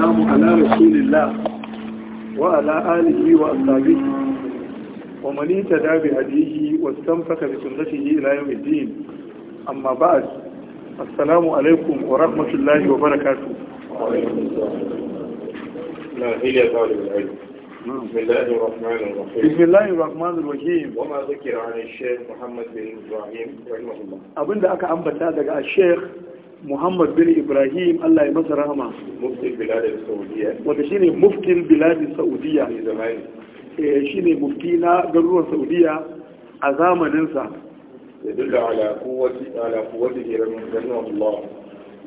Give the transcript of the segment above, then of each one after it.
والسلام على رسول الله وعلى آله وأصحابه ومن اهتدى بهديه واستمسك بسنته إلى يوم الدين أما بعد السلام عليكم ورحمة الله وبركاته وعليكم السلام لا هي طالب العلم بسم الله الرحمن الرحيم بسم الله الرحمن الرحيم وما ذكر عن الشيخ محمد بن إبراهيم رحمه الله أبن أكا أنبتا دقاء الشيخ Muhammad bin Ibrahim Allah ya masa rahama muftin shi ne wanda shine muftin biladin Saudiya eh shine mufti na garuruwan Saudiya a zamaninsa.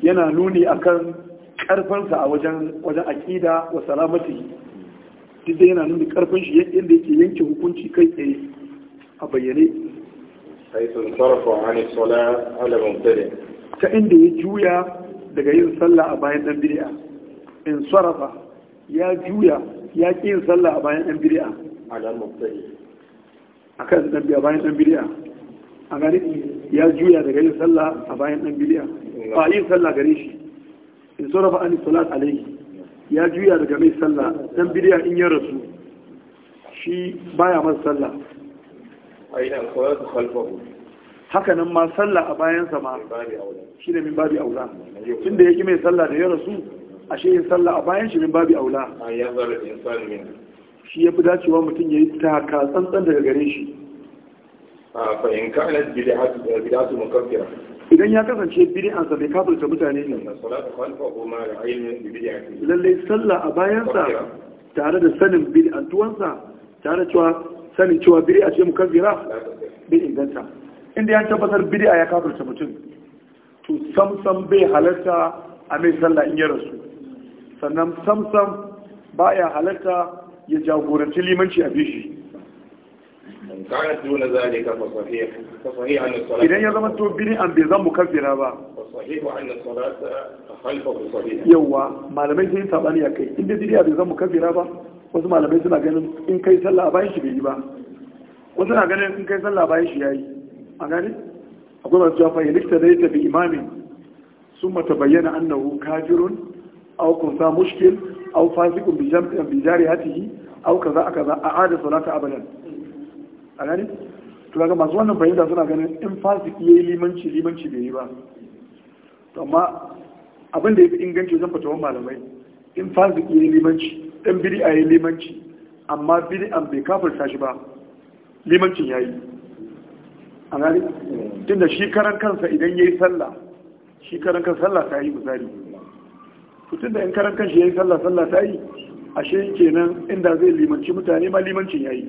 yana nuni akan karfansa a wajen wajen akida wa salamati duk da yana nuni karfin shi yadda yake yanke hukunci kai tsaye a bayyane sai sarrafa an sala ala mubtadi ta inda ya juya daga yin sallah a bayan ɗan biri'a in sarrafa ya juya ya ƙi yin sallah a bayan ɗan biri'a a kan ɗan biya bayan ɗan biri'a a gani ya juya daga yin sallah a bayan ɗan biri'a ba yin sallah gare shi in sarrafa an salat alaihi ya juya daga mai sallah ɗan biri'a in ya rasu shi baya masa sallah a yi nan kawai su hakanan ma sallah a bayansa ma shi ne min babi aula tun da ya mai sallah da ya rasu ashe yin sallah a bayan shi min babi aula ah, shi ya fi dacewa mutum ya yi taka tsantsan daga gare shi ah, idan ya kasance bid'ansa bai kafirta mutane ne lallai sallah a bayansa tare da sanin bid'antuwansa tare cewa sanin cewa a ce zira, bai inganta inda ya tabbatar bid'a ya kafirta mutum to samsam bai halarta a mai sallah in ya rasu sannan samsam baya halarta ya jagoranci limanci a bishi idan ya zama to bini an bai zan kafira ba yauwa malamai sun yi sabani a kai inda bini bai zan kafira ba wasu malamai suna ganin in kai sallah bayan shi bai yi ba wasu na ganin in kai sallah bayan shi ya yi a gani a masu jafa ya likta da ya tafi imamin sun mata bayyana annahu kafirun au sa mushkil au fasikun bijari yi au kaza a kaza a ada salata abadan a gani to daga masu wannan fahimta suna ganin in fasiki yayi limanci limanci bai yi ba To amma abin da ya fi inganci zan fatawan malamai in fasiki yayi limanci dan a yi limanci amma an bai kafirta shi ba limancin yayi a tunda shi karan kansa idan ya yi sallah shi karan kan sallah ta yi misali tun da in karan kansa ya yi sallah sallah ta yi ashe kenan inda zai limanci mutane ma limancin ya yi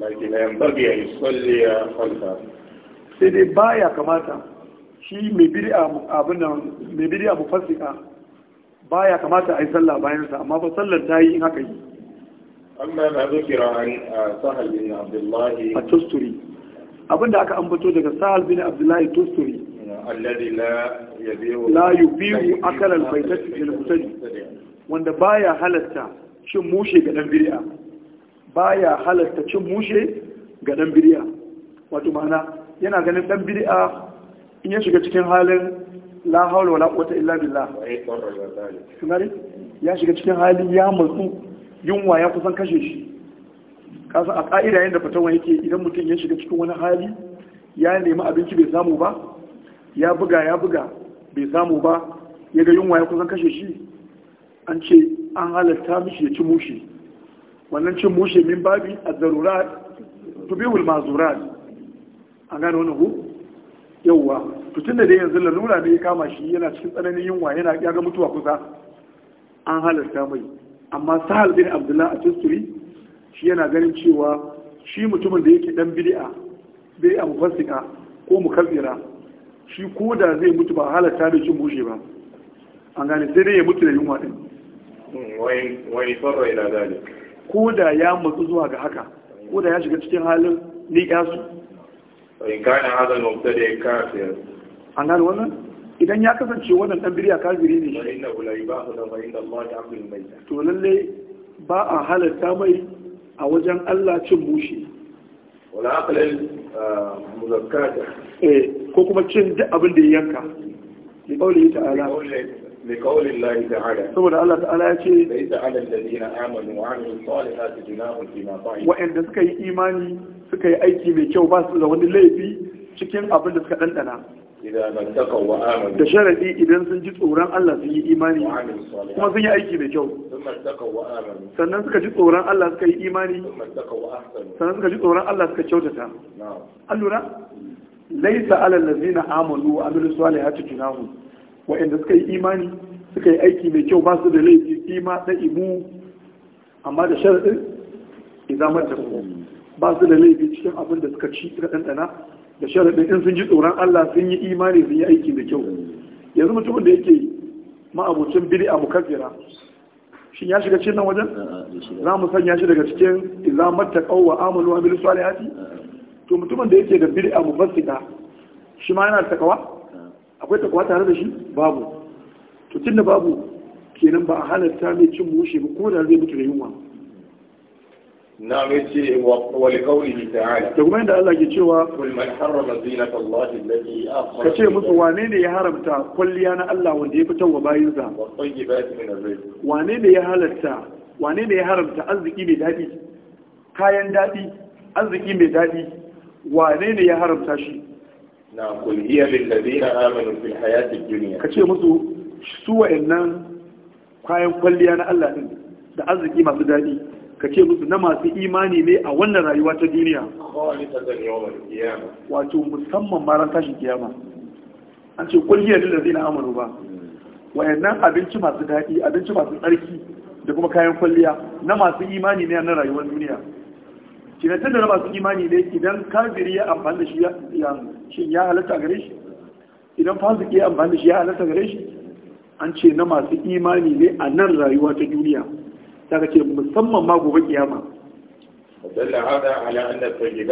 sai dai ya kamata shi mai biri abu fasika ya kamata a yi sallah bayansa amma ba sallar ta yi in haka yi amma na zukira an ah, sahal abdullahi a tusturi abinda aka ambato daga sahal bin abdullahi tostori la biyu, akal albaitati lil mutane. wanda baya halatta cin mushe ga dan ba baya halatta cin mushe ga dan biriya. wato ma'ana yana ganin dan biriya in ya shiga cikin halin la haula wala quwwata illa billah ya shiga cikin hali ya matsu yunwa ya kusan kashe shi kasa a ƙa'ida yadda fatawa yake idan mutum ya shiga cikin wani hali ya nemi abinci bai samu ba ya buga ya buga bai samu ba ya ga yunwa ya kusan kashe shi an ce an halatta mishi ya ci mushe wannan cin mushe min babi a zarurat tubihul mazurat an gane wani hu yauwa tutun da dai yanzu lalura ne ya kama shi yana cikin tsananin yunwa yana ya ga mutuwa kusa an halatta mai amma sahal bin abdullah a tusturi shi yana ganin cewa shi mutumin da yake dan bid'a a mufassika ko mukazzira shi ko da zai mutu ba halatta da cin bushe ba an gane sai dai ya mutu da yunwa din wani farra ila zalik ko da ya matsu zuwa ga haka ko da ya shiga cikin halin niƙasu in kana hada mubtada kafir an gane wannan idan ya kasance wannan dan biriya kafiri ne to lalle ba a halatta mai a wajen Allah cin bushe. wala aqlal ah, muzakkata eh ko kuma cin duk abin da ya yanka li qawli ta'ala li qawli Allah ta'ala saboda Allah ta'ala ya ce laysa 'ala alladhina amanu wa 'amilu salihati junahun fima ta'im wa'anda suka yi imani suka yi aiki mai kyau ba su da wani laifi cikin abin da suka dandana da sharadi idan sun ji tsoron Allah sun yi imani kuma sun yi aiki mai kyau sannan suka ji tsoron Allah suka yi imani sannan suka ji tsoron Allah suka kyautata an laisa alal ladzina amanu wa amilu salihati junahu wa inda suka yi imani suka yi aiki mai kyau ba su da laifi kima da imu amma da sharadin idan mata ba su da laifi cikin abin da suka ci suka dandana da sharaɗin in sun ji tsoron Allah sun yi imani sun yi aiki da kyau yanzu mutumin da yake ma'abucin biri a mukaffira shi ya shiga cikin wajen za mu sanya shi daga cikin izamar ta kawo amalu wa bil salihati to mutumin da yake da biri a mufassika shi ma yana da takawa akwai takawa tare da shi babu to da babu kenan ba a halatta mai cin mushe ba ko da zai mutu da yunwa na mace ce wa liƙauri ta'ala da kuma da Allah ke cewa ka ce musu wane ne ya haramta kwalliya na Allah wanda ya fitar wa bayinsa wane ne ya halarta wane ne ya haramta arziki mai daɗi kayan daɗi arziki mai daɗi wane ne ya haramta shi na kulhiya lillazina amanu fil hayatid Ka ce musu su wa'annan kayan kwalliya na Allah din da arziki masu daɗi ka ce musu na masu imani ne a wannan rayuwa ta duniya wato musamman maran ran tashin kiyama an ce kulliyar da zai na amuru ba wayannan abinci masu daɗi abinci masu tsarki da kuma kayan kwalliya na masu imani ne a nan rayuwar duniya kinatar da na masu imani ne idan kafiri ya amfani da shi ya halatta gare shi idan ya amfani da shi ya halatta gare shi an ce na masu imani ne a nan rayuwa ta duniya daga ce musamman ma gobe kiyama dalla sai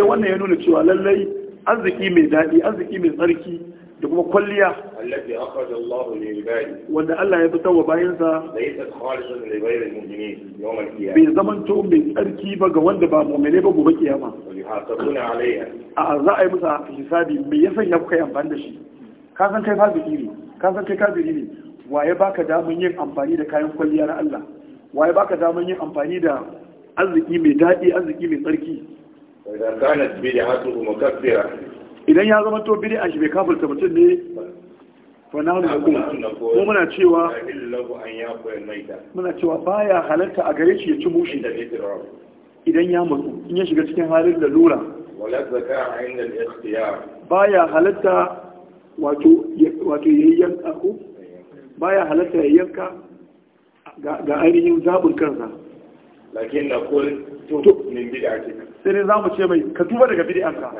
wannan ya nuna cewa lallai arziki mai dadi arziki mai tsarki da kuma kwalliya allati wanda Allah ya fitar wa sa laysa khalisan zaman to mai tsarki ba ga wanda ba mu'mine ba gobe kiyama yuhasabuna a za a yi musa hisabi me yasa ya kuka yi amfani da shi ka san kai fasiki ne ka kai ne waye baka damun yin amfani da kayan kwalliya na Allah waye baka damun yin amfani da arziki mai daɗi arziki mai tsarki idan idan ya zama to bid'a shi bai kafirta mutum ne fa na mu ko muna cewa muna cewa baya halarta a gare shi ya ci mushi idan ya mutu in ya shiga cikin halin da wala zaka inda baya halarta wato wato yayyan ko baya halatta ya yanka ga ainihin zaɓin kansa lakin na kol to min bid'ati sai za mu ce mai ka tuba daga bid'anka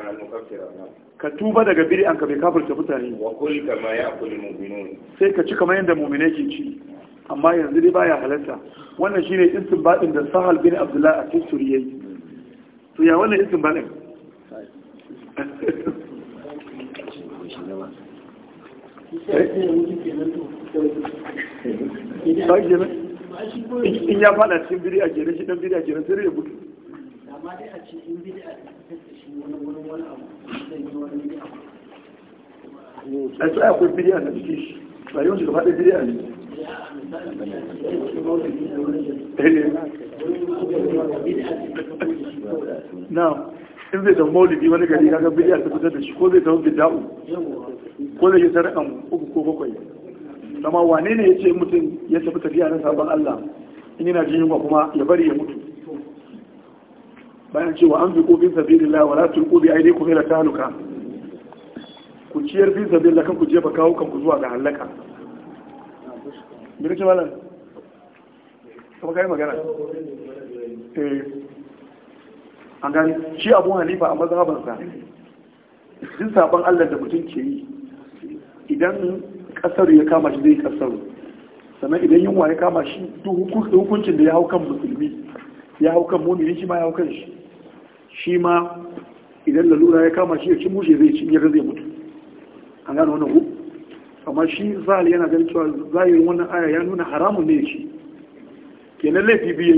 ka tuba daga bid'anka bai kafirta mutane wa kul kama ya'kul mu'minun sai ka ci kamar yadda mu'mine ke ci amma yanzu dai baya halatta wannan shine istinbadin da Sahal bin Abdullah at-Tusri yi. to ya wannan istinbadin sai ba ke in ya fada cikin biri a kenan shi dan biri a kenan sai ya gudu amma dai a cikin biri a shi wani wani wani abu wani biri a sai akwai biri a cikin shi ba yawanci gaba ɗaya biri a ne na in zai da maulidi wani gari kaga biri a fitar da shi ko zai zama bida'u ko zai yi sarakan uku ko bakwai zama wane ne ya ce mutum ya tafi tafiya na sabon Allah in yana jin yunwa kuma ya bari ya mutu bayan cewa an fi kofin sabilillah wala tulqu bi aydikum ila tahluka ku ciyar sabi sabilillah kan ku jefa kawo ku zuwa ga halaka birki malam kuma kai magana eh an gani shi abun halifa a mazhabansa duk sabon Allah da mutum ke yi idan kasar ya kama shi zai kasar sannan idan yunwa ya kama shi hukuncin da ya hau kan musulmi ya hau kan mumini shi ma ya hau kan shi shi ma idan lalura ya kama shi ya ci mushe zai cin yadda zai mutu an gano wannan hu amma shi zal yana ganin cewa zahirin wannan aya ya nuna haramun ne shi kenan laifi biyu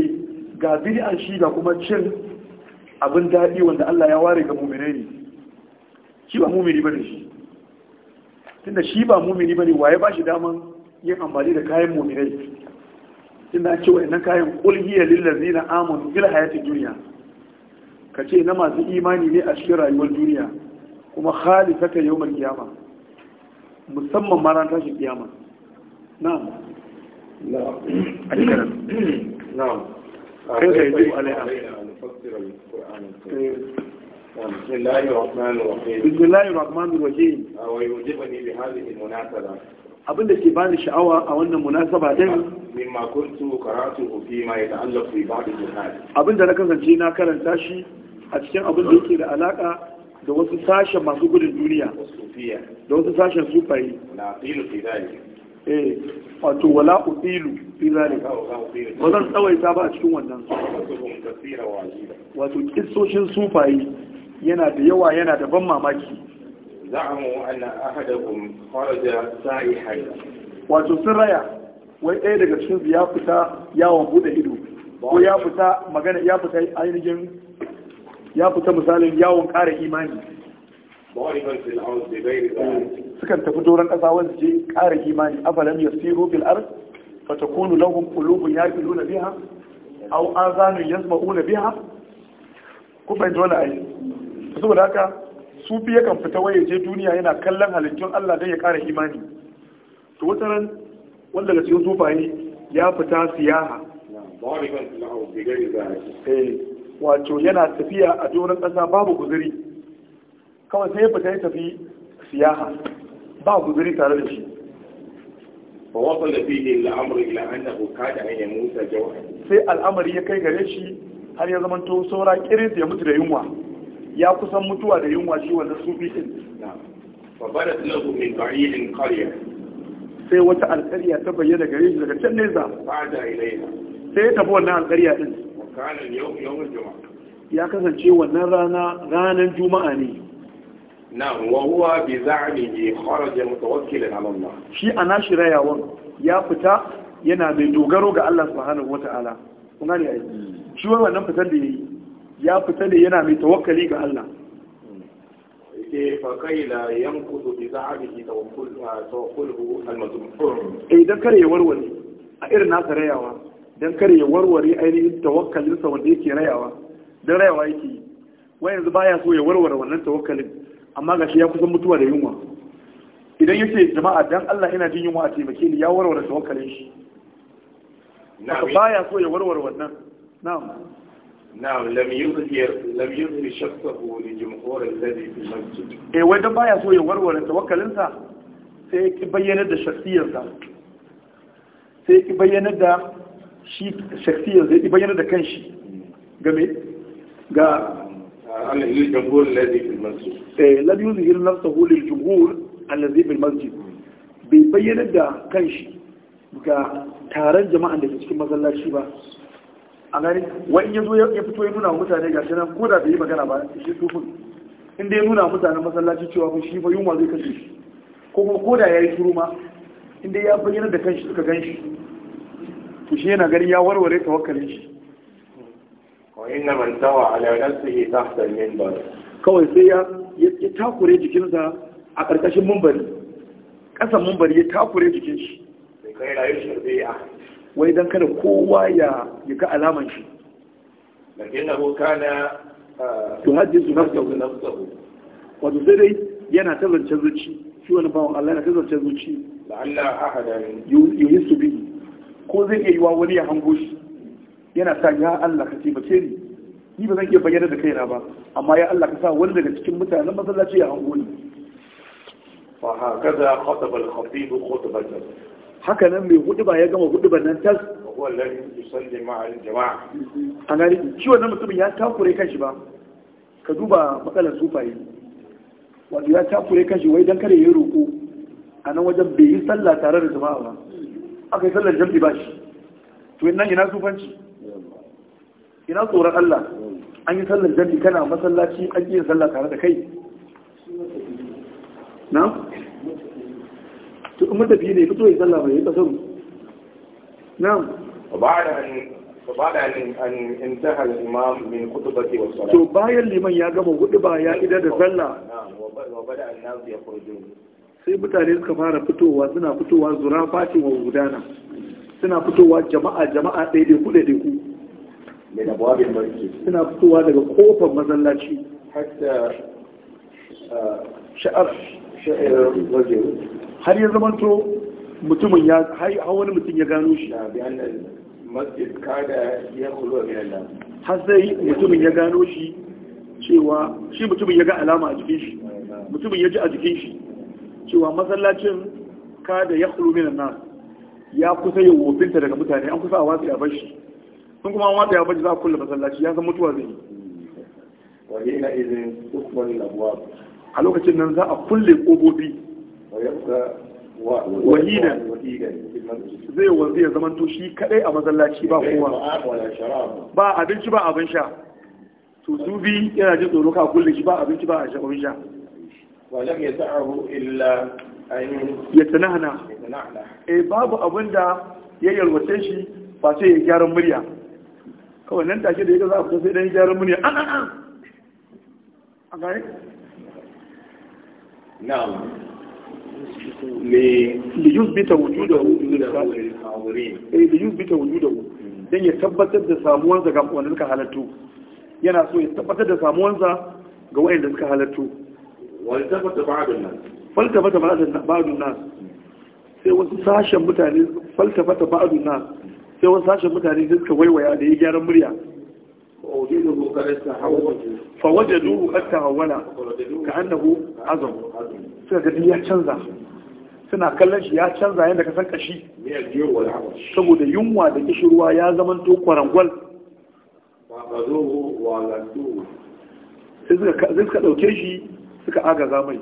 ga an shi ga kuma cin abin daɗi wanda Allah ya ware ga mumini ne shi ba mumini bane shi tunda shi ba mumini bane waye ba shi daman yin amfani da kayan muminai tunda an ce kayan qul hiya lil ladzina amanu bil hayati dunya kace na masu imani ne a cikin rayuwar duniya kuma khalisata yawmal qiyama musamman ma ran tashin kiyama na'am na'am na'am kai duk alaiha بسم الله الرحمن الرحيم بسم الله الرحمن الرحيم ويعجبني بهذه المناسبة abin da ke bani sha'awa a wannan munasaba din mimma kuntu qara'tuhu fi ma yata'allaq bi ba'd al-jihad abin da na kasance na karanta shi a cikin abin da yake da alaka da wasu sashen masu gudun duniya da wasu sashen sufayi na filu fi eh wato wala ufilu fi zalika ba zan tsawaita ba a cikin wannan wato kissoshin sufayi yana da yawa yana da ban mamaki za'amu anna ahadakum kharaja sa'ihan wato sun raya wai ɗaya daga cikin ya fita yawon buɗe ido ko ya fita magana ya fita ainihin ya fita misalin yawon ƙara imani sukan tafi doron ƙasa wanda je ƙara imani afalam yasiru bil ard fatakunu lahum qulubun yaqiluna biha aw yanzu ma'una biha ku fahimta wani ayi saboda haka sufi yakan fita waye je duniya yana kallon halittun Allah don ya kara imani to wata ran wanda daga cikin sufaye ya fita siyaha wato yana tafiya a doron ƙasa babu guzuri kawai sai ya fita ya tafi siyaha ba guzuri tare da shi sai al'amari ya kai gare shi har ya zamanto saura kiris ya mutu da yunwa ya kusan mutuwa da yunwa shi wannan sufi din fabarat lahu min ba'idin qarya sai wata alƙarya ta bayyana gare shi daga can nesa fada ilaina sai ya tafi wannan alƙarya din kana yau yau juma'a ya kasance wannan rana ranar juma'a ne na wa huwa bi za'mihi kharaja mutawakkilan ala Allah shi ana shirayawan ya fita yana mai dogaro ga Allah subhanahu wata'ala kun gane ai hmm. shi wannan fitar da yayi ya fita ne yana mai tawakkali ga Allah idan ah, eh, kare ya warware a irin nasa rayawa don kare ya warware ainihin tawakkalinsa wanda yake rayawa don rayawa yake yi wai yanzu baya so ya warware wannan tawakkalin amma gashi ya kusan mutuwa da yunwa idan yace jama'a dan Allah ina jin yunwa a taimake ni ya warware tawakkalin shi baya so ya warware wannan na'am na'am lam yuzhir lam yuzhir shakkahu li jumhur alladhi fi masjid eh wanda baya so ya warware tawakkalinsa sai ki bayyana da shakhsiyarsa sai ki bayyana da shi shakhsiyar zai bayyana da kanshi game ga Allah alil jumhur alladhi fi masjid eh lam yuzhir nafsahu li jumhur alladhi fi masjid bai bayyana da kanshi ga taron jama'an da ke cikin masallaci ba a gani wani ya zo ya fito ya nuna mutane shi nan ko da bai yi magana ba shi tufin in ya nuna mutanen masallaci cewa ko shi fa yunwa zai kashe shi ko kuma ko da yi turu ma in dai ya bayyana da kanshi suka ganshi to shi yana gani ya warware tawakkalin shi ko inna man tawa ala nafsihi tahta al-minbar kawai sai ya ya takure jikinsa a ƙarƙashin mumbari ƙasan mumbari ya takure jikin shi Sai kai rayuwar shirbiya wai don kada kowa ya ga alaman shi to hajji su nafsahu wato sai dai yana ta zancen zuci shi wani bawan Allah yana ta zancen zuci yuhi su bi ko zai iya yiwa wani ya hango shi yana sa ya Allah ka taimake ni ni ba zan iya bayyana da kaina ba amma ya Allah ka sa wani daga cikin mutanen masallaci ya hango ni fa hakaza khatabal khatib khutbatan haka nan mai hudu ba ya gama hudu ba nan tas wallahi yusalli ma'al jama'a an gani shi wannan mutumin ya takure kanshi ba ka duba matsalar sufaye wato ya takure kanshi wai dan kare yayi roko a nan wajen bai yi sallah tare da jama'a ba aka yi sallar jam'i ba shi to nan ina sufanci ina tsoron Allah an yi sallar jam'i kana masallaci an yi sallah tare da kai na kuma tafi ne fito ya sallah mai kasar na'am to bayan liman ya gama hudu ba ya ida da sallah sai mutane suka fara fitowa suna fitowa zura fatin wa gudana suna fitowa jama'a jama'a ɗaya ɗaya kuɗe ɗaya suna fitowa daga kofar masallaci hatta uh, sha'ar sha'ir wajen har ya zamanto mutumin ya har wani mutum ya gano shi har sai mutumin ya gano shi cewa shi mutumin ya ga alama a jikin shi mutumin ya ji a jikin shi cewa masallacin kada ya kulu minan nan ya kusa ya wofinta daga mutane an kusa a watsi a bashi sun kuma an watsi a bashi za a kulle masallaci ya san mutuwa zai yi a lokacin nan za a kulle ƙobobi wahidan zai wanzu ya zama to shi kadai a mazallaci ba kowa ba abinci ba abin sha to zubi yana jin tsoro ka kulle shi ba abinci ba abin sha ya ta nahana eh babu abin da ya yalwace shi ba sai ya gyara murya kawai nan take da ya za a fita sai dan gyaran murya an an an a gare na'am Eh, ya da suka halattu yana so ya tabbatar da samuwansa ga wanda suka halattu waltabata ba'dun nas sai wasu sashen mutane faltabata ba'dun nas sai wasu sashen mutane suka waiwaya da ya gyaran murya duhu فوجدوه قد تهونا كأنه عظم suka gadi ya canza suna kallon shi ya canza yadda ka san kashi saboda yunwa da kishirwa ya zama to kwarangwal sai suka ɗauke shi suka agaza mai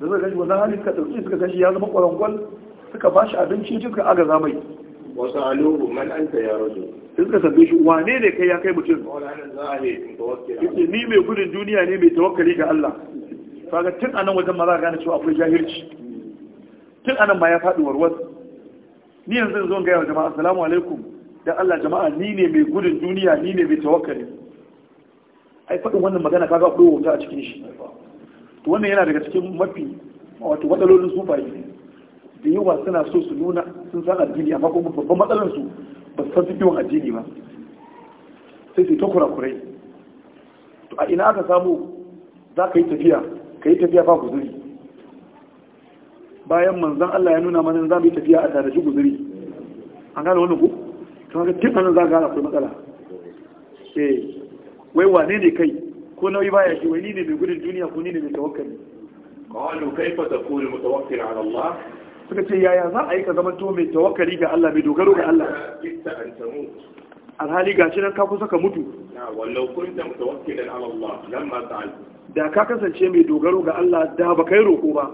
da suka gashi wannan hali suka ɗauke suka gashi ya zama kwarangwal suka ba shi abinci suka agaza mai wasu alubu man anta ya rajo sai suka shi wane ne kai ya kai mutum yace ni mai gudun duniya ne mai tawakkali ga Allah kaga tun anan wajen ma za ka gane cewa akwai jahilci tun anan ma ya faɗi warwar ni yanzu zo ga jama'a assalamu alaikum dan Allah jama'a ni ne mai gudun duniya ni ne mai tawakkali ai faɗin wannan magana kaga akwai wuta a cikin shi to wannan yana daga cikin mafi wato wadalolin sufai da yawa suna so su nuna sun san addini amma kuma babban matsalar su ba su san fikihun addini ba sai su ta kura-kurai. to a ina aka samu za ka yi tafiya ka yi tafiya ba guzuri bayan manzan Allah ya nuna manzan za mu yi tafiya a tare shi guzuri an gane wannan ku to ga tun nan za ka gane akwai matsala E, wai wane ne kai ko nauyi baya shi wai ni ne mai gudun duniya ko ni ne mai tawakkali qalu kayfa takunu mutawakkil ala Allah suka ce yaya za a yi ka zama to mai tawakari ga Allah mai dogaro ga Allah alhali ga shi nan ka kusa ka mutu da ka kasance mai dogaro ga Allah da ba kai roƙo ba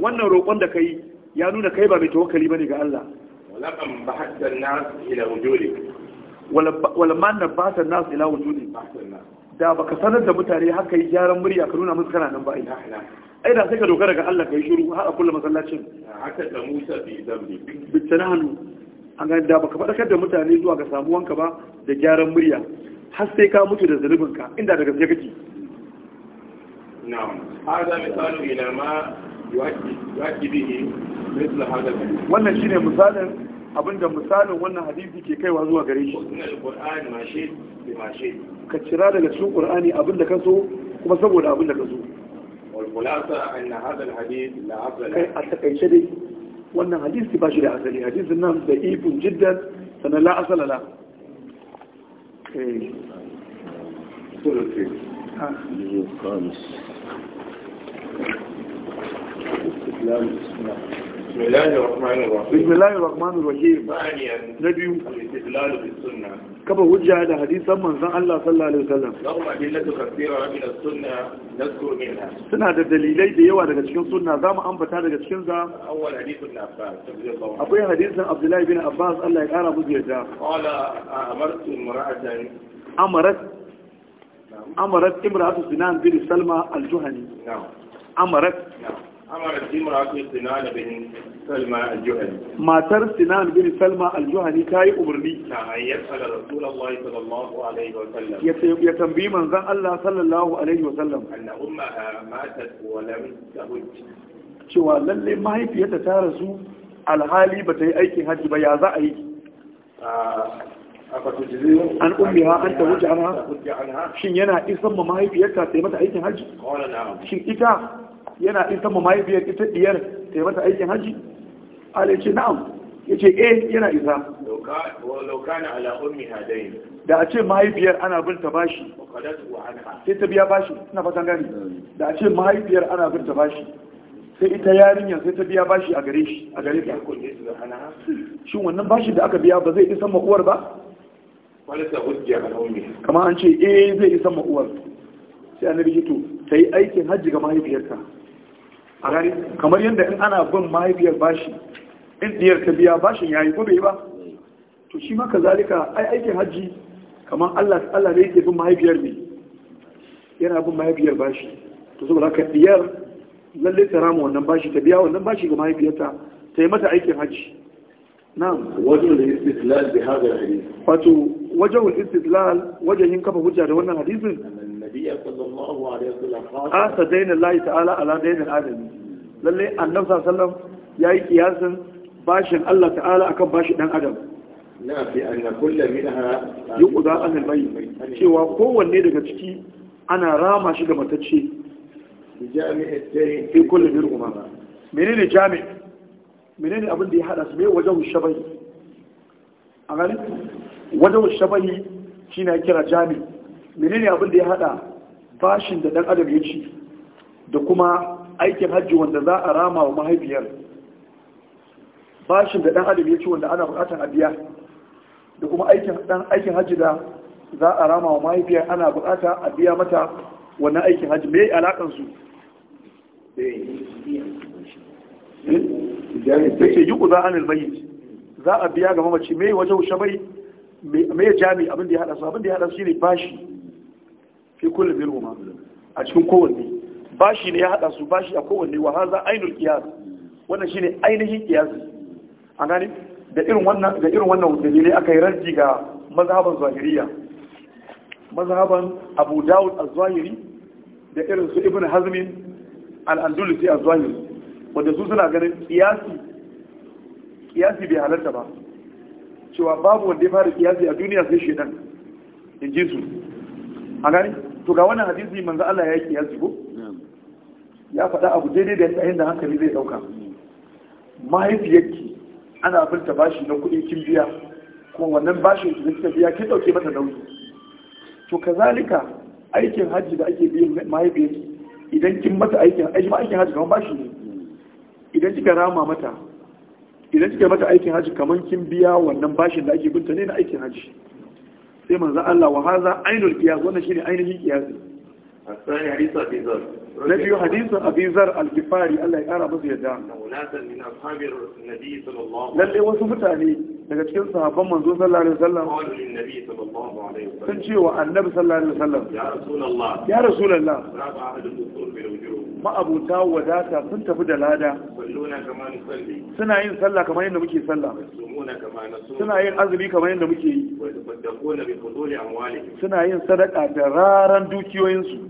wannan roƙon da kai ya nuna kai ba mai ba bane ga Allah wala man الناس إلى وجودك ولما نبعث الناس إلى da baka sanar da mutane haka yi gyaran murya ka nuna musu kana nan ba ina aida sai ka dogara ga Allah kai shiru har a kulla masallacin haka da Musa bi zambi bitana hannu an ga da baka fadakar da mutane zuwa ga samuwanka ba da gyaran murya har sai ka mutu da zunubinka inda daga sai kake na'am hada misalu ila ma yuaki bihi misal hada wannan shine misalin abinda misalin wannan hadisi ke kaiwa zuwa gare shi ka cira daga cikin qur'ani abinda ka so kuma saboda abinda ka so والخلاصة أن هذا الحديث لا أصل أتكيش لي وأن حديث كباش لا أصل حديث النام ضعيف جدا فأنا لا أصل له الجزء آه. الخامس استسلام بسم الله بسم الله الرحمن الرحيم بسم الله الرحمن الرحيم ثانيا نبي الاستدلال بالسنة كما وجه هذا حديث من صلى الله عليه وسلم لهم أدلة كثيرة من السنة نذكر منها سنة دليلي دي يوا daga cikin sunna zamu ambata daga cikin za akwai hadisin Abdullah ibn Abbas Allah ya kara musu yarda qala amartu imra'atan amarat amarat imra'atu Salma al-Juhani na'am matar sinan bin salma aljuhani ta yi umarni ya tambayi manzan Allah sallallahu alaihi wasallam cewa lalle mahaifiyarta ta rasu alhali ba ta yi aikin hajji ba ya za a yi an ummiha an ta wuce anha shin yana isan ma mahaifiyarta ta yi mata aikin hajji shin ita yana ɗin sama mahaifiyar ita ɗiyar ta yi mata aikin hajji ala ce na'am ya ce eh yana isa da a ce mahaifiyar ana bin ta bashi sai ta biya bashi suna fatan gani da a ce mahaifiyar ana bin ta bashi sai ita yarinya sai ta biya bashi a gare shi a gare ta shin wannan bashi da aka biya ba zai isa ma'uwar ba Kamar an ce eh zai isa ma'uwar sai annabi to ta yi aikin hajji ga mahaifiyarta. a gari kamar yadda in ana bin mahaifiyar bashi in diyar ta biya bashin yayi ko bai ba to shi ma zalika ai aikin hajji kamar Allah Allah ne yake bin mahaifiyar ne yana bin mahaifiyar bashi to saboda haka diyar lalle ta rama wannan bashi ta biya wannan bashi ga mahaifiyarta ta yi mata aikin hajji na'am wajen da istidlal bi hadha al-hadith wato wajen istidlal wajen yin kafa hujja da wannan hadisin an sa dainin layi ta'ala ala dainin adami lallai annabi sallallahu ya yi kiyasan bashin Allah ta'ala akan bashin dan adam na fi anna kullu minha cewa kowanne daga ciki ana rama shi ga matacce jami'i fi kullu biruma menene jami menene abin da ya hada su me wajen shabahi a ganin wajen shabahi shine kira Jami. menene abin da ya hada bashin da dan adam ya da kuma aikin hajji wanda za a rama wa mahaifiyar bashin da dan adam ya wanda ana bukatar a biya da kuma aikin dan aikin hajji da za a rama wa mahaifiyar ana bukata a mata wannan aikin hajji me alakan su eh da a za a biya ga mamaci me wajen shabai me jami abin da ya hada su abin da ya hada su ne bashi fi kullu bil umma a cikin kowanne bashi ne ya haɗa su bashi a kowanne wa hadha ainul qiyas wannan shine ainihin qiyas an gane da irin wannan da irin wannan dalilai aka yi raddi ga mazhaban zahiriya mazhaban Abu Dawud az-Zahiri da irin su Ibn Hazmin al-Andalusi az-Zahiri wanda su suna ganin qiyasi qiyasi bai halarta ba cewa babu wanda ya fara qiyasi a duniya sai shedan in ji su an gane to ga wannan hadisi manzo Allah ya yi kiyasi ko ya faɗa abu daidai da yayin da hankali zai dauka mahaifiyarki ana binta bashi na kuɗi kin biya kuma wannan bashin da kika biya kin dauke mata nauyi to kazalika aikin haji da ake biyan mahaifiyarki idan kin mata aikin ma aikin haji kamar bashi ne idan kika rama mata idan kika mata aikin haji kamar kin biya wannan bashin da ake binta ne na aikin haji sai manzo Allah wa haza ainul qiyas wannan shine ainihin qiyasi na biyu hadisin abizar al Allah ya kara masa yadda lalle wasu mutane daga cikin sahabban manzo sallallahu alaihi wasallam sun ce wa annabi sallallahu alaihi wasallam ya rasulullah ma abuta wadata sun tafi da lada suna yin sallah kamar yadda muke sallah suna yin azumi kamar yadda muke yi suna yin sadaka da raran dukiyoyinsu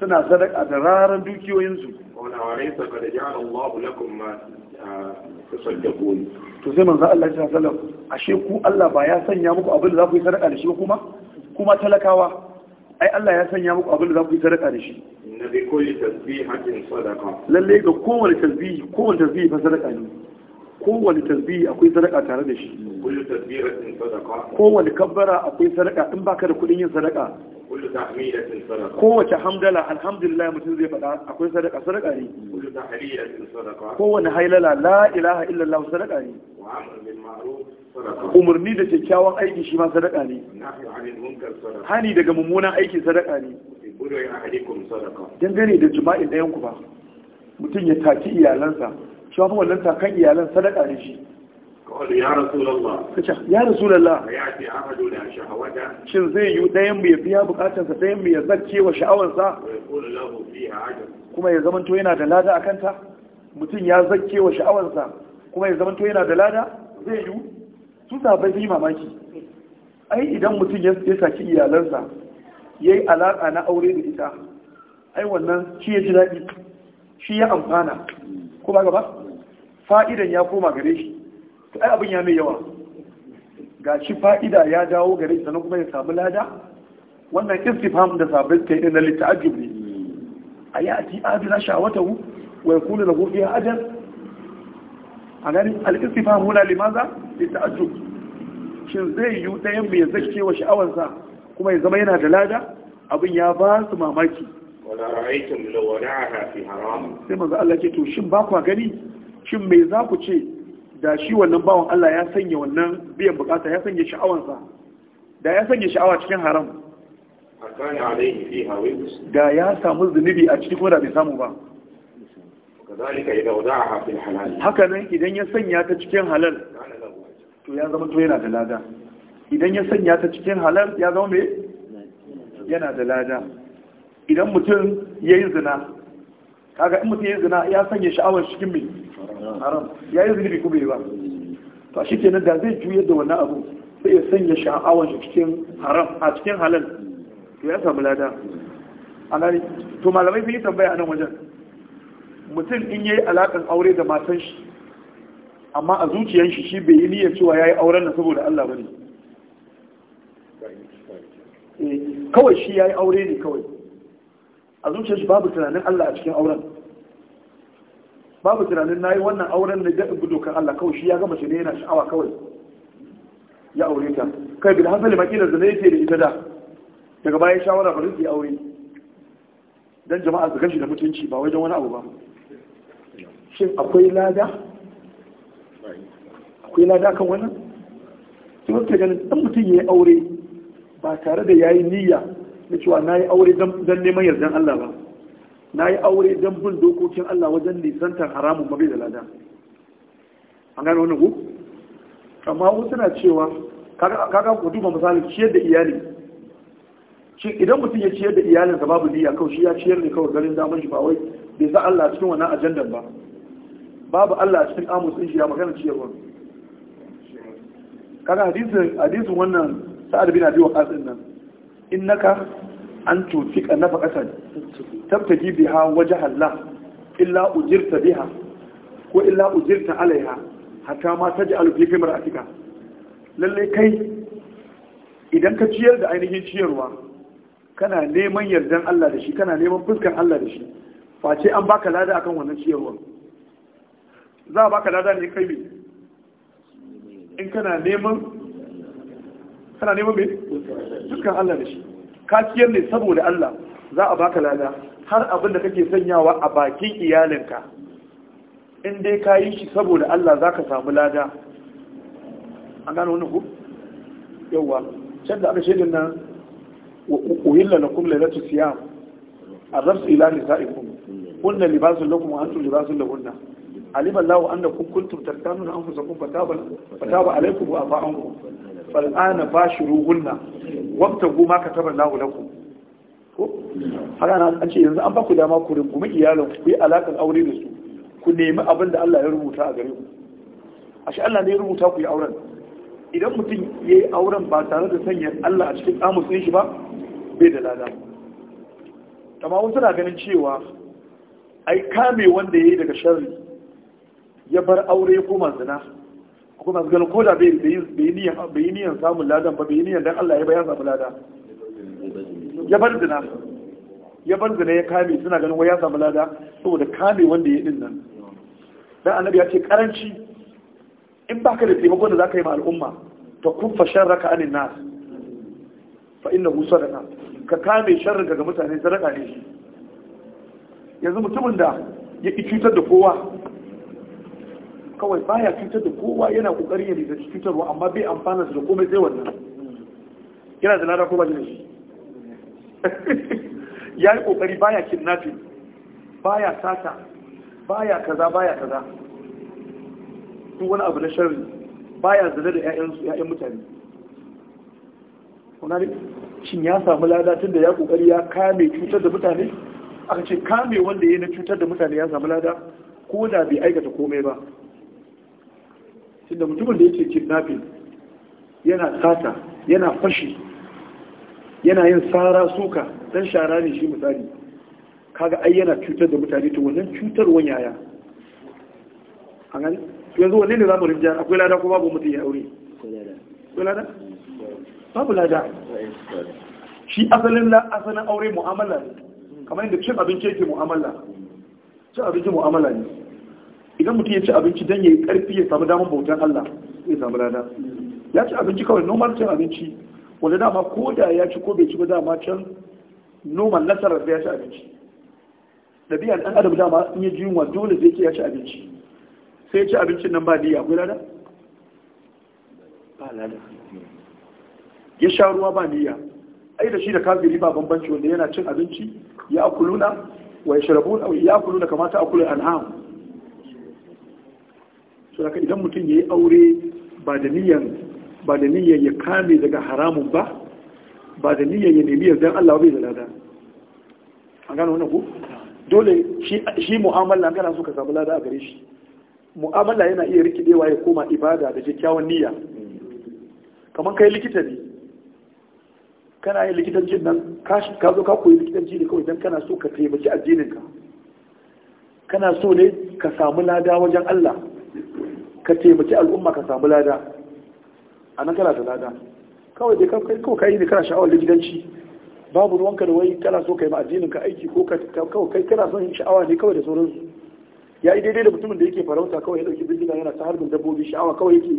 suna sadaka da raran dukiyoyinsu to sai manzo Allah alaihi sallam ashe ku Allah ba ya sanya muku abin da za ku yi sadaka da shi kuma kuma talakawa ai Allah ya sanya muku abin da za ku yi sadaka da shi nabi kulli tasbihatin sadaqa lalle ga kowane tasbihi kowane tasbihi fa sadaka ne kowane tasbihi akwai sadaka tare da shi kullu tasbihatin sadaqa kowane kabbara akwai sadaka in baka da kuɗin yin sadaka kullu tahmidatin sadaqa kowace hamdala alhamdulillah mutum zai faɗa akwai sadaka sadaka ne kullu tahlilatin sadaqa kowane hailala la ilaha illallah sadaka ne wa amrun bil ma'ruf umarni da kyakkyawan aiki shi ma sadaka ne hani daga mummunan aiki sadaka ne dangane da jima'in ɗayan ku ba mutum ya taki iyalansa shi ma wannan takan iyalan sadaka ne shi ya rasulallah shin zai yi ɗayan mai biya bukatansa ɗayan mai zakke wa sha'awarsa kuma ya zamanto yana da lada a kanta mutum ya zakke wa sha'awarsa kuma ya zamanto yana da lada zai yi sun sabai sun yi mamaki ai idan mutum ya saki iyalansa ya yi alaƙa na aure da ita ai wannan shi ya ji daɗi shi ya amfana ko ba gaba fa'idan ya koma gare shi ta ai abin ya mai yawa ga shi fa'ida ya dawo gare shi sannan kuma ya samu lada wannan istifam da sabbin ta yi na litta'ajjub ne a yi ati adina shawatahu wa yakunu da gurbiya ajr a gani al-istifham hula limaza shin zai yi ɗayan mai zake wa sha'awarsa kuma ya zama yana da lada abin ya ba su mamaki wala ra'aytum law wada'aha fi haram sai manzo Allah ce to shin ba ku gani shin me za ku ce da shi wannan bawan Allah ya sanya wannan biyan bukata ya sanya sha'awarsa da ya sanya sha'awa cikin haram da ya samu zunubi a cikin kuma da bai samu ba haka nan idan ya sanya ta cikin halal to ya zama to yana da lada idan ya sanya ta cikin halal ya zama mai yana da lada idan mutum ya yi zina kaga in mutum ya yi zina ya sanya sha'awar cikin mai haram ya yi zunubi kuma ba to shi kenan da zai juyar da wannan abu sai ya sanya sha'awar cikin haram a cikin halal to ya samu lada to malamai sun yi tambaya a nan wajen mutum in yayi alakan aure da matan shi amma a zuciyar shi shi bai yi niyyar cewa ya yi auren nan saboda Allah bane eh, kawai shi ya yi aure ne kawai a zuciyar shi babu tunanin Allah a cikin auren babu tunanin na yi wannan auren na jaɗin dokan Allah kawai shi ya gama shi ne yana sha'awa kawai ya aure ta kai bil hasali makila zane yake da ita da daga bayan shawara bari su yi aure dan jama'a su gashi da mutunci ba wajen wani abu ba shin akwai lada akwai lada kan wannan sai wasu ganin dan mutum ya yi aure ba tare da ya yi niyya na cewa na yi aure don neman yardan Allah ba na yi aure don bin dokokin Allah wajen nisantar haramun mabe da lada an gane wani ku amma wasu na cewa kaga ku duba misalin ciyar da iyali shi idan mutum ya ciyar da iyalinsa babu niyya kawai shi ya ciyar ne kawai garin damar shi ba wai bai za Allah cikin wannan ajandar ba babu Allah cikin amus din shi ya magana ciyarwa kaga hadisin hadisin wannan sa'ad bin abi waqas din nan innaka an tutika nafaqatan tabtaji biha wajha Allah illa ujirta biha ko illa ujirta alaiha hatta ma taj'al fi kamratika lalle kai idan ka ciyar da ainihin ciyarwa kana neman yardan Allah da shi kana neman fuskan Allah da shi face an baka lada akan wannan ciyarwa za a baka lada ne kai in kana neman kana neman mai dukkan Allah da shi ka ne saboda Allah za a baka lada har abin da kake sanyawa a bakin iyalinka in dai ka yi shi saboda Allah za ka samu lada an gano wani ku yauwa can da aka shaidin nan uhilla lakum lailatu siyam arrabtu ila nisaikum kunna libasun lakum wa antum libasun lahunna alim Allah an da kuntum tartanu na anfusakum fataba fataba alaikum wa afa ankum fal ana bashiruhunna wabtagu ma kataba Allah lakum ko haka na an ce yanzu an ba ku dama ku rungumi iyalan ku yi alakan aure da su ku nemi abin da Allah ya rubuta a gare ku ashe Allah ne ya rubuta ku yi auren idan mutum ya yi auren ba tare da sanya Allah a cikin amutsin shi ba bai da lada amma wasu na ganin cewa ai kame wanda ya yi daga sharri ya bar aure ko koma zina akwai masu ganin ko da bai yi niyan samun ladan ba bai yi niyan dan Allah ya bayan samun ladan ya bar zina ya bar zina ya kame suna ganin wai ya samu lada saboda kame wanda ya yi nan dan annabi ya ce karanci in baka da taimako da zaka yi ma al'umma ta kuffa sharraka anin nas fa da sadaqa ka kame sharri daga mutane sadaka ne yanzu mutumin da ya ki cutar da kowa kawai baya cutar da kowa yana kokarin ya nisanci cutarwa amma bai amfana da komai sai wannan yana da lada ko ba jini ya yi kokari baya kidnapping baya sata baya kaza baya kaza duk wani abu na sharri baya zane da ƴaƴan mutane kuna cin shin ya samu lada tun da ya kokari ya kame cutar da mutane aka ce kame wanda ya na cutar da mutane ya samu lada ko da bai aikata komai ba tunda mutumin da yake kidnapping yana sata yana fashi yana yin sara suka dan shara ne shi misali kaga ai yana cutar da mutane to wannan wani yaya an gani yanzu wani ne zamu rinja akwai lada ko babu mutum ya aure akwai lada babu lada shi asalin la asalin aure mu'amala ne kamar yadda cin abinci yake mu'amala cin abinci mu'amala ne idan mutum ya ci abinci don ya yi ƙarfi ya samu damar bautan Allah ya samu rana ya ci abinci kawai normal cin abinci wanda dama ko da ya ci ko bai ci ba dama can normal nasarar da ya ci abinci ɗabi'ar ɗan adam dama in ya ji yunwa dole zai ce ya ci abinci sai ya ci abincin nan ba niyya akwai rana ba lada ya sha ruwa ba niyya ai da shi da kafiri ba bambanci wanda yana cin abinci ya akuluna wa ya sharabun ya akuluna kamata akulun an'am so idan mutum ya yi aure ba da niyan ya kame daga haramun ba ba da niyan ya nemi yardan Allah bai da lada an gano wani ku dole shi mu'amala kana so ka samu lada a gare shi mu'amala yana iya rikidewa ya koma ibada da kyakkyawan niyya kamar kai likita ne kana yin likitancin nan ka zo ka koyi likitanci ne kawai don kana so ka taimaki addininka kana so ne ka samu lada wajen Allah ka taimaki al'umma ka samu lada a nan kana da lada kawai dai kai ko kai ne kana sha'awar lijidanci babu ruwanka da wai kana so kai ma addinin ka aiki ko kawai kai kana son sha'awa ne kawai da sauransu ya yi daidai da mutumin da yake farauta kawai ya dauki bindiga yana ta harbin dabbobi sha'awa kawai yake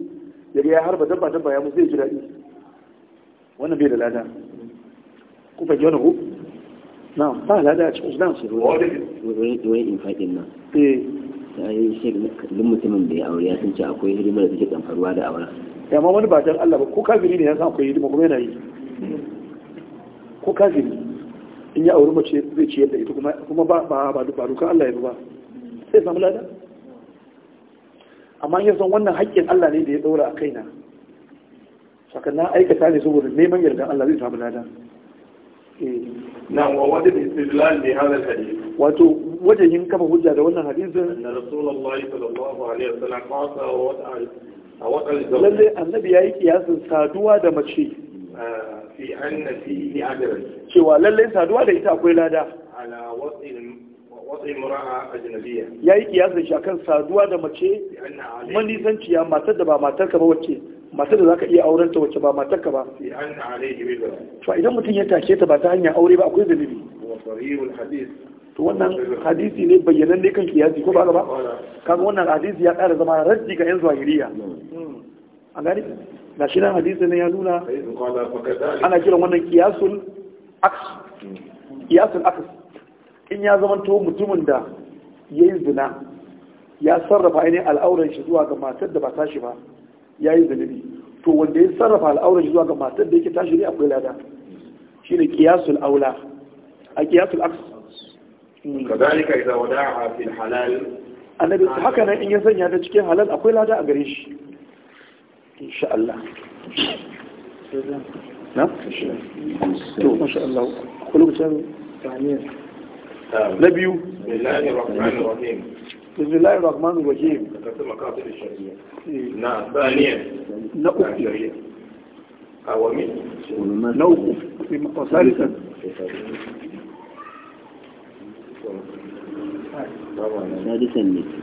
ga ya harba dabba dabba ya mu zai ji daɗi wannan bai da lada ku fahimci wani ku na'am ba lada a cikin sunan su ruwa in faɗin nan eh. sai shi mutumin da ya aure ya san cewa akwai hidimar da take da wani ba Allah ba ko kafiri ne ya san akwai hidima kuma yana yi ko kafiri in ya auri mace zai ci yadda ita kuma ba ba ba duka Allah ya ba sai samu lada amma ya san wannan haƙƙin Allah ne da ya daura a kaina saka na aikata ne saboda neman yardan Allah zai samu lada eh. na wa wajib istidlal bi hadha hadith wato wajahin kama hujja da wannan hadisin lalle annabi ya yi kiyasin saduwa da mace ah, cewa lalle saduwa da ita akwai lada ya yi kiyasin shi akan saduwa da mace manisanciya matar da ba matar ka ba wacce matar da za ka iya ta wacce ba matar ka ba to idan mutum ya tashe ta ba ta hanyar aure ba akwai zalibi to wannan hadisi ne bayyanan ne kan kiyasi ko ba ba kaga wannan hadisi ya ƙara zama raddi ga yan zahiriya a gani ga shi nan hadisi ne ya nuna ana kiran wannan kiyasul aks kiyasul aks in ya zama to mutumin da ya yi zina ya sarrafa ainihin al'auran shi zuwa ga matar da ba tashi ba ya yi zanibi to wanda ya sarrafa al'auran shi zuwa ga matar da yake tashi ne akwai lada shi ne kiyasul aula a kiyasul aks كذلك إذا وداعها في الحلال النبي حكنا إن يزن هذا الشيء حلال أقول هذا أجريش إن شاء الله نعم ما شاء الله كل مسألة تعمير نبي بسم الله الرحمن الرحيم بسم الله الرحمن الرحيم نعم نعم نعم نعم نعم نعم نعم نعم نعم مقاصد ثانيا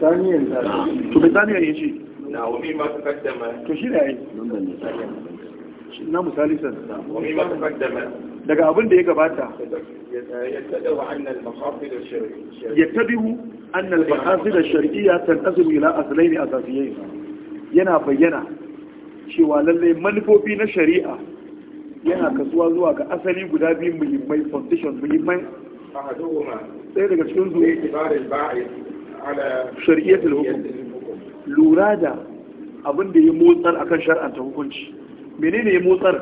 ثانيا ثانيا يجي نعم ومين ما تقدم تشير هاي نعم ثالثا ومين ما تقدم لقى أبن ديك باتا يتبه أن المقاصد الشرعية يتبه أن المقاصد الشرعية تنقسم إلى أصلين أساسيين ينا بينا شوى للي من فو بينا شريعة ينا كسوى زوى كأسلين قدابين مهمين فونتشن مهمين ahaduhuma cikin zuwa lura da abin da ya motsar akan shar'anta hukunci menene ya motsar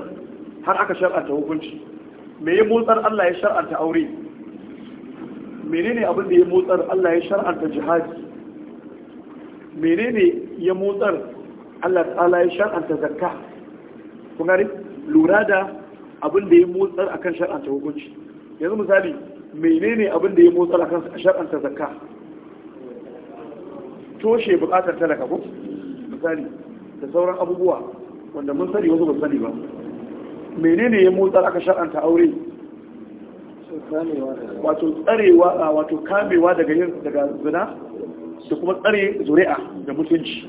har aka shar'anta hukunci me ya motsar Allah ya shar'anta aure menene abin da ya Allah ya shar'anta jihadi menene ya motsar Allah ta'ala ya shar'anta zakka kun gari lura da abin da ya motsar akan shar'anta hukunci yanzu misali menene abin da ya motsa a kansa a shar'anta zakka toshe bukatar talaka ko misali da sauran abubuwa wanda mun sani wasu ban sani ba menene ya motsa aka shar'anta aure wato tsarewa wato kamewa daga yin daga zina da kuma tsare zuri'a da mutunci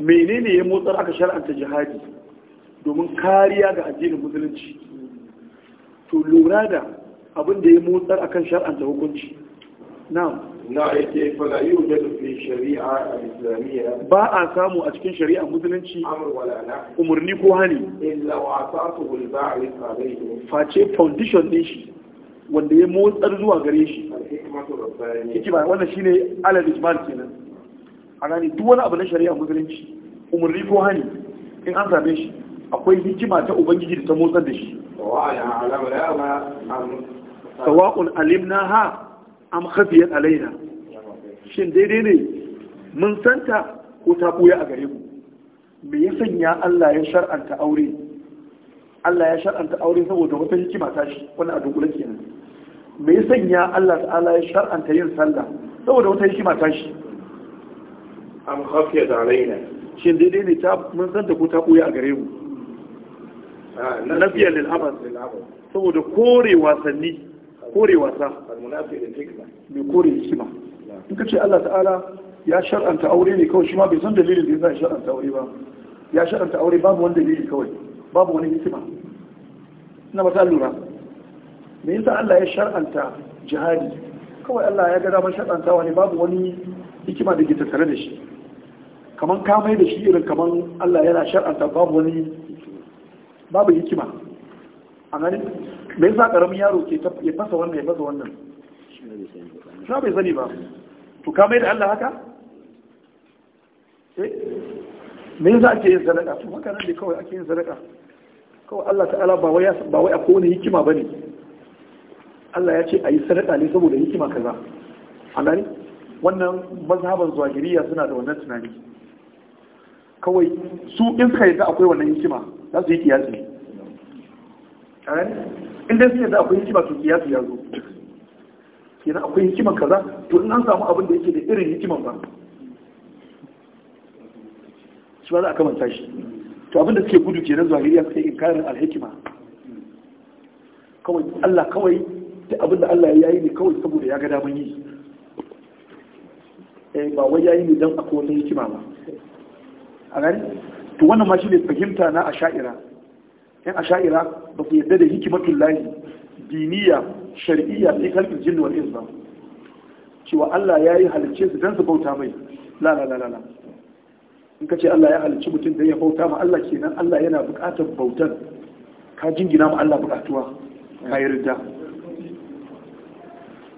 menene ya motsa aka shar'anta jihadi domin kariya ga addinin musulunci to lura da abin da ya motsar akan shar'anta hukunci na'am na yake fala yau da fi shari'a islamiyya ba a samu a cikin shari'a musulunci umarni ko hani illa wa asasu al ba'id alayhi face foundation din shi wanda ya motsar zuwa gare shi ba wannan shine alal ijmal kenan a gani duk wani abu na shari'a musulunci umarni ko hani in an same shi akwai hikima ta ubangiji da ta motsar da shi alimna alimnaha am khafiyat alaina shin daidai ne mun santa ko ta buya a gare mu me ya sanya Allah ya shar'anta aure Allah ya shar'anta aure saboda wata hikima ta shi wannan a dunkule kenan me ya sanya Allah ta'ala ya shar'anta yin sallah saboda wata hikima ta shi am khafiyat alaina shin daidai ne ta mun santa ko ta buya a gare mu ah, nafiyar lil'abar, saboda kore wasanni kore wasa mai kore hikima in ka ce Allah ta'ala ya shar'anta aure ne kawai shi ma bai san dalilin da ya shar'anta aure ba ya shar'anta aure babu wani dalili kawai babu wani hikima na ba ta lura me yasa Allah ya shar'anta jihadi kawai Allah ya ga damar shar'anta wani babu wani hikima da ke tattare da shi Kamar kamai da shi irin kamar Allah yana shar'anta babu wani babu hikima a gani me yasa karamin yaro ke ya fasa wannan ya fasa wannan Na bai zani ba to ka mai da Allah haka eh me yasa ake yin sadaka to haka nan ne kawai ake yin sadaka kawai Allah ta'ala ba wai a wai akwai wani hikima Allah ya ce a yi sadaka ne saboda hikima kaza a gani wannan mazhaban zuwagiriya suna da wannan tunani kawai su in suka za akwai wannan hikima za su yi kiyasi Eh? in dai suke da akwai hikima to kiyasu ya zo kenan akwai hikiman kaza to in an samu abin da yake da irin hikiman ba shi ba za a kamanta shi to abin da suke gudu kenan zahiriya suke inkarin alhikima kawai Allah kawai da abin da Allah ya yi ne kawai saboda ya ga daman yi eh, ba wai ya yayi ne dan akwai wata hikima ba a gani to wannan ma shi ne fahimta na a sha'ira. yan asha'ira ba su yadda da hikimatun lahi biniya, shari'iyya ne kalbin jinni wani ins ba cewa Allah ya yi halicce su don su bauta mai la in ka ce Allah ya halicci mutum don ya bauta ma Allah kenan Allah yana buƙatar bautan, ka jingina ma Allah buƙatuwa ka yi ridda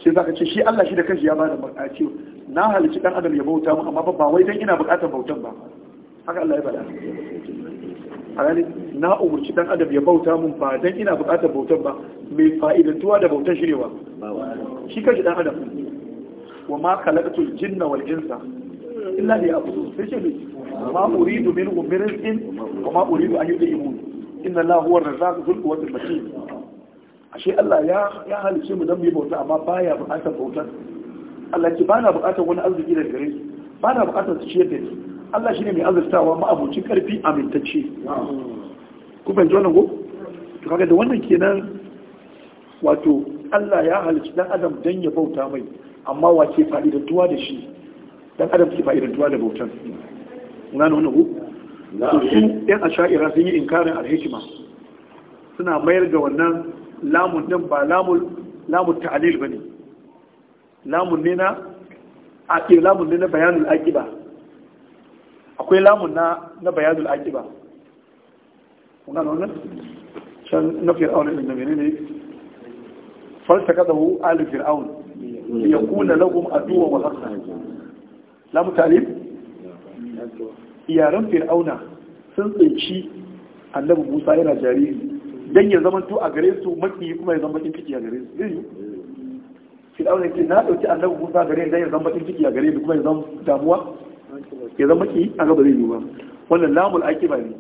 sai za ka ce shi Allah shi da kanshi ya ba da buƙaci na halicci ɗan adam ya bauta mu amma ba wai don ina buƙatar bautan ba haka Allah ya faɗa a na umarci dan adam ya bauta mun ba dan ina buƙatar bautan ba mai fa'idantuwa da bautan shi ne shirewa shi kashi dan adam wa ma khalaqatul jinna wal insa illa liya'budun sai ce ma uridu minhum min rizqin wa ma uridu an yud'imun inna allaha huwa ar-razzaqu dhul quwwati al-matin ashe Allah ya ya halice mu dan mu bauta amma baya buƙatar bautan Allah ki bana buƙatar wani arziki daga gare su bana buƙatar su ciyar da ni Allah shi ne mai azurtawa ma'abucin ƙarfi amintacce ku fahimci wannan ko to kaga da wannan kenan wato Allah ya halicci dan adam dan ya bauta mai amma wa ke fa'idantuwa da shi dan adam ke fa'idantuwa da bautan na wannan ko su yan asha'ira sun yi inkarin alhikima suna mayar da wannan lamun nan ba lamun ta'alil bane lamun ne lamun ne na eh, bayanul ba. akwai lamun na na bayanul akiba kuna nan can na fir'aun din da ne falta hu al fir'aun kula lahum aduwa wa La lamu talib iyaran fir'auna sun tsinci annabi Musa yana jariri dan ya zama to a gare su maki kuma ya zama bakin ciki a gare su fir'auna ce na dauki annabi Musa gare dan ya zama bakin ciki a gare su kuma ya zama damuwa ya zama ki a gaba zai yi ba wannan lamul ba ne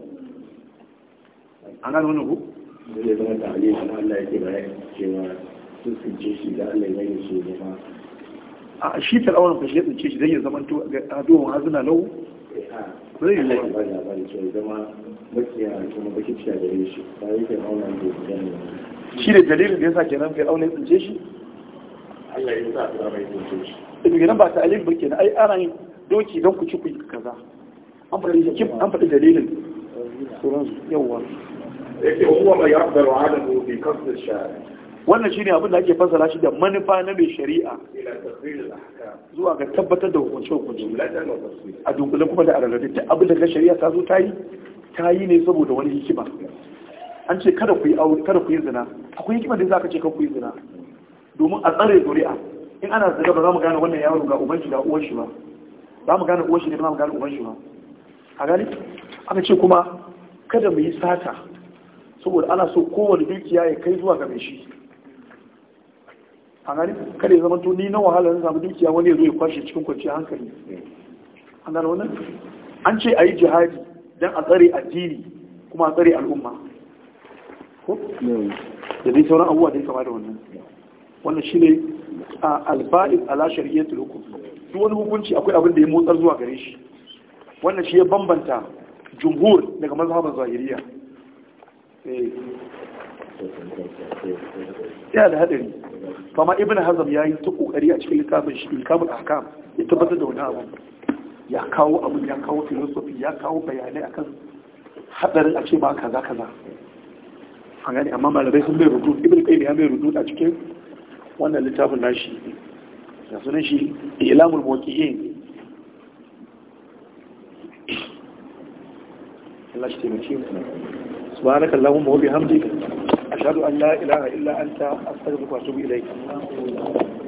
an gano ku zai zama da ali an Allah ba cewa sun tsince shi da Allah ya shi ne a shi ya tsince shi eh, ya zama a zai yi ba ce shi ba mauna da da dalilin da yasa kenan fir'auna aunin tsince shi Allah ya sa tsara tsince shi idan eh, ba ta alif ba kenan ai ana yin doki don ku ci ku yi kaza an faɗi jakim an faɗi dalilin sauransu yawwa yake huwa mai yaqdaru adamu bi qasd shari'a wannan shine abin da ake fassara shi da manufa na mai shari'a zuwa ga tabbatar da hukunci hukunci a dunkule kuma da araladin ta abin da ka shari'a ta zo ta yi ta yi ne saboda wani hikima an ce kada ku yi aure kada ku yi zina akwai hikima da zaka ce kada ku yi zina domin a tsare zuri'a in ana zina ba za mu gane wannan yaro ga ubangi da uwar shi ba za mu gane uwan shi ne ba mu gane uwan shi ba a gani aka ce kuma kada mu yi sata saboda ana so kowane dukiya ya kai zuwa ga mai shi a gani kada ya zama ni na wahala na samu dukiya wani ya zo ya kwashe cikin kwanciyar hankali an gane wannan an ce a yi jihadi don a tsare addini kuma a tsare al'umma da dai sauran abubuwa da ya kama da wannan wannan shi ne a alfa'il ala shari'atul tulukun duk wani hukunci akwai abin da ya motsar zuwa gare shi wannan shi ya bambanta jumhur daga mazhaban zahiriya eh. ya da hadari fama ibn hazam ya yi ta kokari a cikin littafin shi ilkamun ahkam ya tabbatar da wani abu ya kawo abu ya kawo filosofi ya kawo bayanai akan hadarin a ce ba kaza kaza a gani amma malamai sun bai rudu ibn qayyim ya bai rudu a cikin wannan littafin nashi da sunan shi ilamul muwaƙi'in Allah shi taimake mu subhanaka allahumma wa bihamdika ashhadu an la ilaha illa anta astaghfiruka wa atubu ilayk